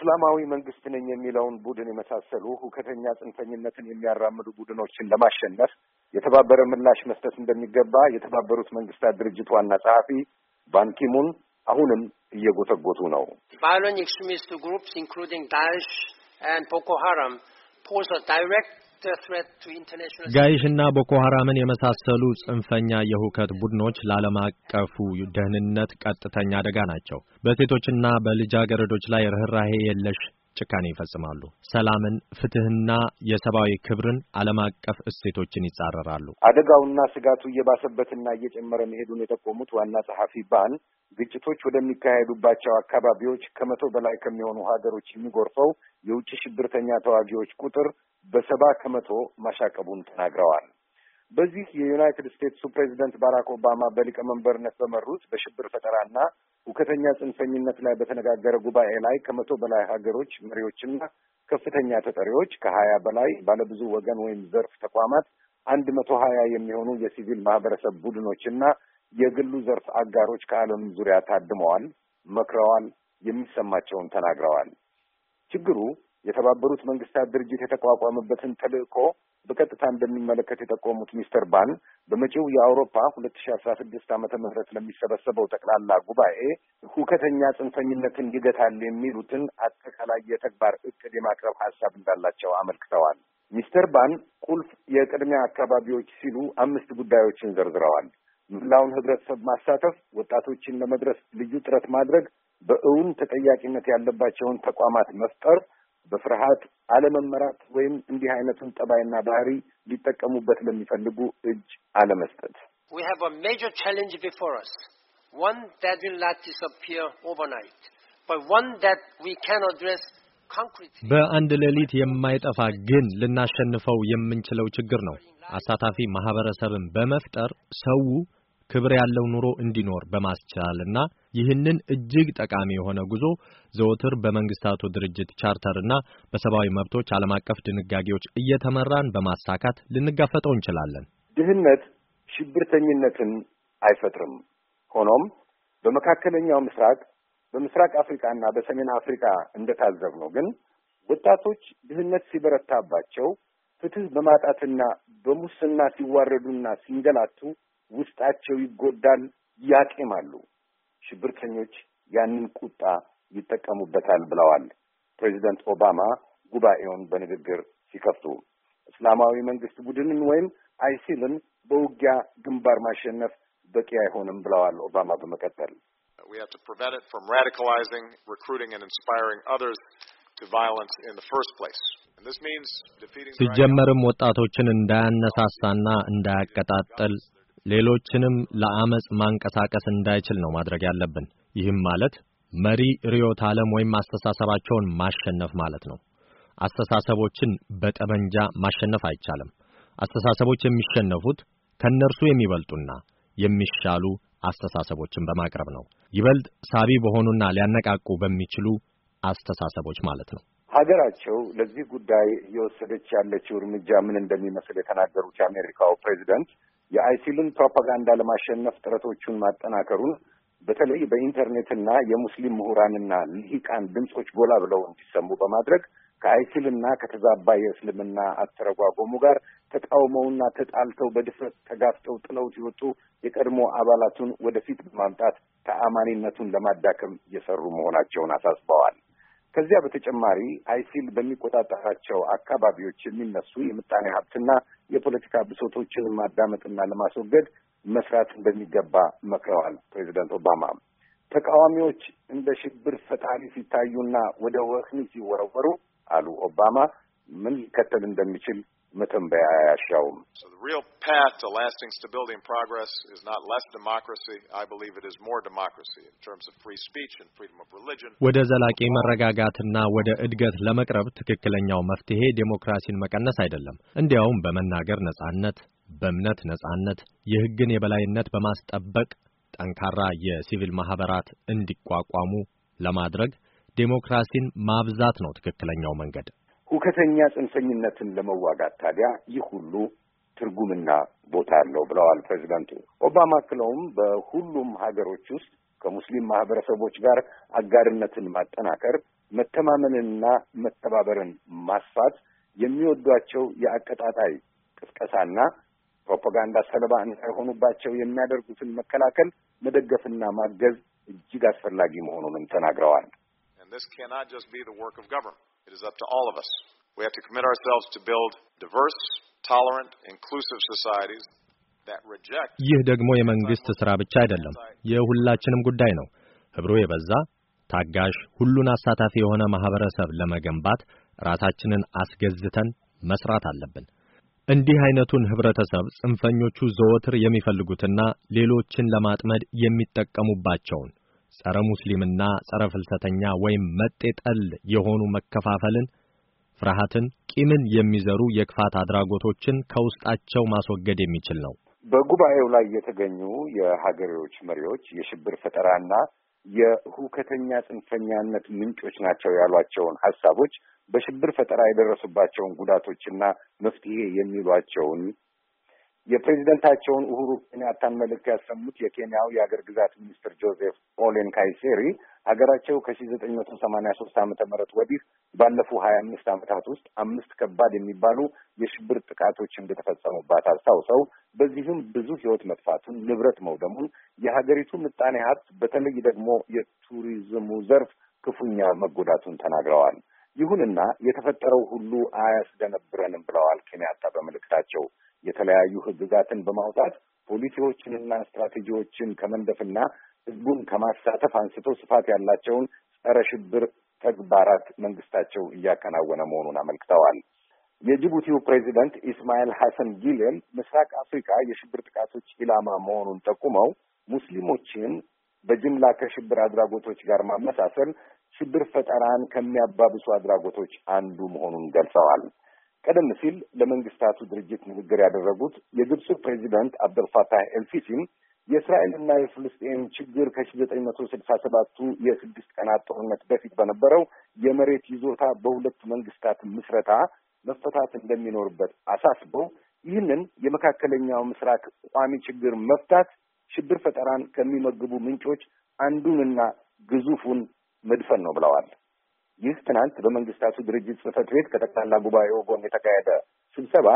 እስላማዊ መንግስት ነኝ የሚለውን ቡድን የመሳሰሉ ሁከተኛ ጽንፈኝነትን የሚያራምዱ ቡድኖችን ለማሸነፍ የተባበረ ምላሽ መስጠት እንደሚገባ የተባበሩት መንግስታት ድርጅት ዋና ጸሐፊ ባንኪሙን አሁንም እየጎተጎቱ ነው። violent ኤክስትሪሚስት ግሩፕስ ኢንክሉዲንግ ዳሽ and Boko Haram pose ጋይሽና ቦኮ ሐራምን የመሳሰሉ ጽንፈኛ የሁከት ቡድኖች ለዓለም አቀፉ ደህንነት ቀጥተኛ አደጋ ናቸው። በሴቶችና በልጃገረዶች ላይ ርኅራሄ የለሽ ጭካኔ ይፈጽማሉ። ሰላምን፣ ፍትህና የሰብአዊ ክብርን፣ ዓለም አቀፍ እሴቶችን ይጻረራሉ። አደጋውና ስጋቱ እየባሰበትና እየጨመረ መሄዱን የጠቆሙት ዋና ጸሐፊ ባን ግጭቶች ወደሚካሄዱባቸው አካባቢዎች ከመቶ በላይ ከሚሆኑ ሀገሮች የሚጎርፈው የውጭ ሽብርተኛ ተዋጊዎች ቁጥር በሰባ ከመቶ ማሻቀቡን ተናግረዋል። በዚህ የዩናይትድ ስቴትሱ ፕሬዚደንት ባራክ ኦባማ በሊቀመንበርነት በመሩት በሽብር ፈጠራና ሁከተኛ ጽንፈኝነት ላይ በተነጋገረ ጉባኤ ላይ ከመቶ በላይ ሀገሮች መሪዎችና ከፍተኛ ተጠሪዎች ከሀያ በላይ ባለብዙ ወገን ወይም ዘርፍ ተቋማት አንድ መቶ ሀያ የሚሆኑ የሲቪል ማህበረሰብ ቡድኖችና የግሉ ዘርፍ አጋሮች ከዓለም ዙሪያ ታድመዋል፣ መክረዋል፣ የሚሰማቸውን ተናግረዋል። ችግሩ የተባበሩት መንግስታት ድርጅት የተቋቋመበትን ተልዕኮ በቀጥታ እንደሚመለከት የጠቆሙት ሚስተር ባን በመጪው የአውሮፓ ሁለት ሺ አስራ ስድስት ዓመተ ምህረት ለሚሰበሰበው ጠቅላላ ጉባኤ ሁከተኛ ጽንፈኝነትን ይገታል የሚሉትን አጠቃላይ የተግባር እቅድ የማቅረብ ሀሳብ እንዳላቸው አመልክተዋል። ሚስተር ባን ቁልፍ የቅድሚያ አካባቢዎች ሲሉ አምስት ጉዳዮችን ዘርዝረዋል። ምላውን ህብረተሰብ ማሳተፍ፣ ወጣቶችን ለመድረስ ልዩ ጥረት ማድረግ፣ በእውን ተጠያቂነት ያለባቸውን ተቋማት መፍጠር በፍርሃት አለመመራት ወይም እንዲህ አይነቱን ጠባይና ባህሪ ሊጠቀሙበት ለሚፈልጉ እጅ አለመስጠት። We have a major challenge before us. One that will not disappear overnight, but one that we can address concretely. በአንድ ሌሊት የማይጠፋ ግን ልናሸንፈው የምንችለው ችግር ነው። አሳታፊ ማህበረሰብን በመፍጠር ሰው ክብር ያለው ኑሮ እንዲኖር በማስቻልና ይህንን እጅግ ጠቃሚ የሆነ ጉዞ ዘወትር በመንግስታቱ ድርጅት ቻርተርና በሰብአዊ መብቶች ዓለም አቀፍ ድንጋጌዎች እየተመራን በማሳካት ልንጋፈጠው እንችላለን። ድህነት ሽብርተኝነትን አይፈጥርም። ሆኖም በመካከለኛው ምስራቅ፣ በምስራቅ አፍሪካና በሰሜን አፍሪካ ነው ግን ወጣቶች ድህነት ሲበረታባቸው ፍትህ በማጣትና በሙስና ሲዋረዱና ሲንገላቱ ውስጣቸው ይጎዳል፣ ያቄማሉ። ሽብርተኞች ያንን ቁጣ ይጠቀሙበታል ብለዋል ፕሬዚደንት ኦባማ ጉባኤውን በንግግር ሲከፍቱ። እስላማዊ መንግስት ቡድንን ወይም አይሲልን በውጊያ ግንባር ማሸነፍ በቂ አይሆንም ብለዋል ኦባማ በመቀጠል We have to prevent it from radicalizing, recruiting, and inspiring others to violence in the first place. And this means defeating ሲጀመርም ወጣቶችን እንዳያነሳሳና እንዳያቀጣጠል። ሌሎችንም ለአመጽ ማንቀሳቀስ እንዳይችል ነው ማድረግ ያለብን። ይህም ማለት መሪ ርዕዮተ ዓለም ወይም አስተሳሰባቸውን ማሸነፍ ማለት ነው። አስተሳሰቦችን በጠመንጃ ማሸነፍ አይቻልም። አስተሳሰቦች የሚሸነፉት ከነርሱ የሚበልጡና የሚሻሉ አስተሳሰቦችን በማቅረብ ነው። ይበልጥ ሳቢ በሆኑና ሊያነቃቁ በሚችሉ አስተሳሰቦች ማለት ነው። ሀገራቸው ለዚህ ጉዳይ እየወሰደች ያለችው እርምጃ ምን እንደሚመስል የተናገሩት የአሜሪካው ፕሬዚደንት የአይሲልን ፕሮፓጋንዳ ለማሸነፍ ጥረቶቹን ማጠናከሩን በተለይ በኢንተርኔትና የሙስሊም ምሁራንና ልሂቃን ድምፆች ጎላ ብለው እንዲሰሙ በማድረግ ከአይሲልና ከተዛባ የእስልምና አተረጓጎሙ ጋር ተቃውመውና ተጣልተው በድፍረት ተጋፍተው ጥለው ሲወጡ የቀድሞ አባላቱን ወደፊት በማምጣት ተአማኒነቱን ለማዳከም እየሰሩ መሆናቸውን አሳስበዋል። ከዚያ በተጨማሪ አይሲል በሚቆጣጠራቸው አካባቢዎች የሚነሱ የምጣኔ ሀብትና የፖለቲካ ብሶቶችን ማዳመጥና ለማስወገድ መስራት እንደሚገባ መክረዋል ፕሬዚደንት ኦባማ። ተቃዋሚዎች እንደ ሽብር ፈጣሪ ሲታዩና ወደ ወህኒ ሲወረወሩ አሉ ኦባማ ምን ሊከተል እንደሚችል መተንበያ አያሻውም። ወደ ዘላቂ መረጋጋትና ወደ እድገት ለመቅረብ ትክክለኛው መፍትሄ ዴሞክራሲን መቀነስ አይደለም። እንዲያውም በመናገር ነጻነት፣ በእምነት ነጻነት፣ የሕግን የበላይነት በማስጠበቅ ጠንካራ የሲቪል ማህበራት እንዲቋቋሙ ለማድረግ ዴሞክራሲን ማብዛት ነው ትክክለኛው መንገድ። ሁከተኛ ጽንፈኝነትን ለመዋጋት ታዲያ ይህ ሁሉ ትርጉምና ቦታ አለው ብለዋል ፕሬዚዳንቱ። ኦባማ አክለውም በሁሉም ሀገሮች ውስጥ ከሙስሊም ማህበረሰቦች ጋር አጋርነትን ማጠናከር፣ መተማመንንና መተባበርን ማስፋት የሚወዷቸው የአቀጣጣይ ቅስቀሳና ፕሮፓጋንዳ ሰለባ እንዳይሆኑባቸው የሚያደርጉትን መከላከል መደገፍና ማገዝ እጅግ አስፈላጊ መሆኑንም ተናግረዋል። This cannot just be the work of government. It is up to all of us. We have to commit ourselves to build diverse, tolerant, inclusive societies that reject ይህ ደግሞ የመንግስት ስራ ብቻ አይደለም፣ የሁላችንም ጉዳይ ነው። ህብሮ የበዛ ታጋሽ፣ ሁሉን አሳታፊ የሆነ ማህበረሰብ ለመገንባት ራሳችንን አስገዝተን መስራት አለብን። እንዲህ አይነቱን ህብረተሰብ ጽንፈኞቹ ዘወትር የሚፈልጉትና ሌሎችን ለማጥመድ የሚጠቀሙባቸውን ጸረ ሙስሊምና ጸረ ፍልሰተኛ ወይም መጤ ጠል የሆኑ መከፋፈልን፣ ፍርሃትን፣ ቂምን የሚዘሩ የክፋት አድራጎቶችን ከውስጣቸው ማስወገድ የሚችል ነው። በጉባኤው ላይ የተገኙ የሀገሬዎች መሪዎች የሽብር ፈጠራና የሁከተኛ ጽንፈኛነት ምንጮች ናቸው ያሏቸውን ሀሳቦች በሽብር ፈጠራ የደረሱባቸውን ጉዳቶችና መፍትሄ የሚሏቸውን የፕሬዚደንታቸውን ኡሁሩ ኬንያታን መልእክት ያሰሙት የኬንያው የአገር ግዛት ሚኒስትር ጆዜፍ ኦሌን ካይሴሪ ሀገራቸው ከሺ ዘጠኝ መቶ ሰማኒያ ሶስት ዓመተ ምህረት ወዲህ ባለፉ ሀያ አምስት ዓመታት ውስጥ አምስት ከባድ የሚባሉ የሽብር ጥቃቶች እንደተፈጸሙባት አስታውሰው በዚህም ብዙ ሕይወት መጥፋቱን፣ ንብረት መውደሙን፣ የሀገሪቱ ምጣኔ ሀብት በተለይ ደግሞ የቱሪዝሙ ዘርፍ ክፉኛ መጎዳቱን ተናግረዋል። ይሁንና የተፈጠረው ሁሉ አያስደነብረንም ብለዋል ኬንያታ በመልእክታቸው የተለያዩ ህግጋትን በማውጣት ፖሊሲዎችንና ስትራቴጂዎችን ከመንደፍና ህዝቡን ከማሳተፍ አንስቶ ስፋት ያላቸውን ጸረ ሽብር ተግባራት መንግስታቸው እያከናወነ መሆኑን አመልክተዋል። የጅቡቲው ፕሬዚደንት ኢስማኤል ሐሰን ጊሌን ምስራቅ አፍሪካ የሽብር ጥቃቶች ኢላማ መሆኑን ጠቁመው ሙስሊሞችን በጅምላ ከሽብር አድራጎቶች ጋር ማመሳሰል ሽብር ፈጠራን ከሚያባብሱ አድራጎቶች አንዱ መሆኑን ገልጸዋል። ቀደም ሲል ለመንግስታቱ ድርጅት ንግግር ያደረጉት የግብፅ ፕሬዚደንት አብደልፋታህ ኤልሲሲም የእስራኤልና የፍልስጤን ችግር ከሺ ዘጠኝ መቶ ስልሳ ሰባቱ የስድስት ቀናት ጦርነት በፊት በነበረው የመሬት ይዞታ በሁለቱ መንግስታት ምስረታ መፈታት እንደሚኖርበት አሳስበው ይህንን የመካከለኛው ምስራቅ ቋሚ ችግር መፍታት ሽብር ፈጠራን ከሚመግቡ ምንጮች አንዱንና ግዙፉን መድፈን ነው ብለዋል። ይህ ትናንት በመንግስታቱ ድርጅት ጽህፈት ቤት ከጠቅላላ ጉባኤው ጎን የተካሄደ ስብሰባ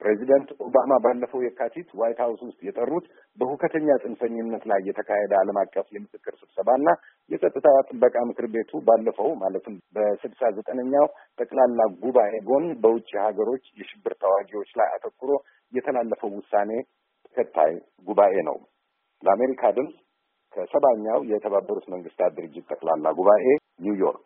ፕሬዚደንት ኦባማ ባለፈው የካቲት ዋይት ሀውስ ውስጥ የጠሩት በሁከተኛ ጽንፈኝነት ላይ የተካሄደ ዓለም አቀፍ የምክክር እና የጸጥታ ጥበቃ ምክር ቤቱ ባለፈው ማለትም በስድሳ ዘጠነኛው ጠቅላላ ጉባኤ ጎን በውጭ ሀገሮች የሽብር ተዋጊዎች ላይ አተኩሮ የተላለፈው ውሳኔ ተከታይ ጉባኤ ነው። ለአሜሪካ ድምፅ ከሰባኛው የተባበሩት መንግስታት ድርጅት ጠቅላላ ጉባኤ ኒውዮርክ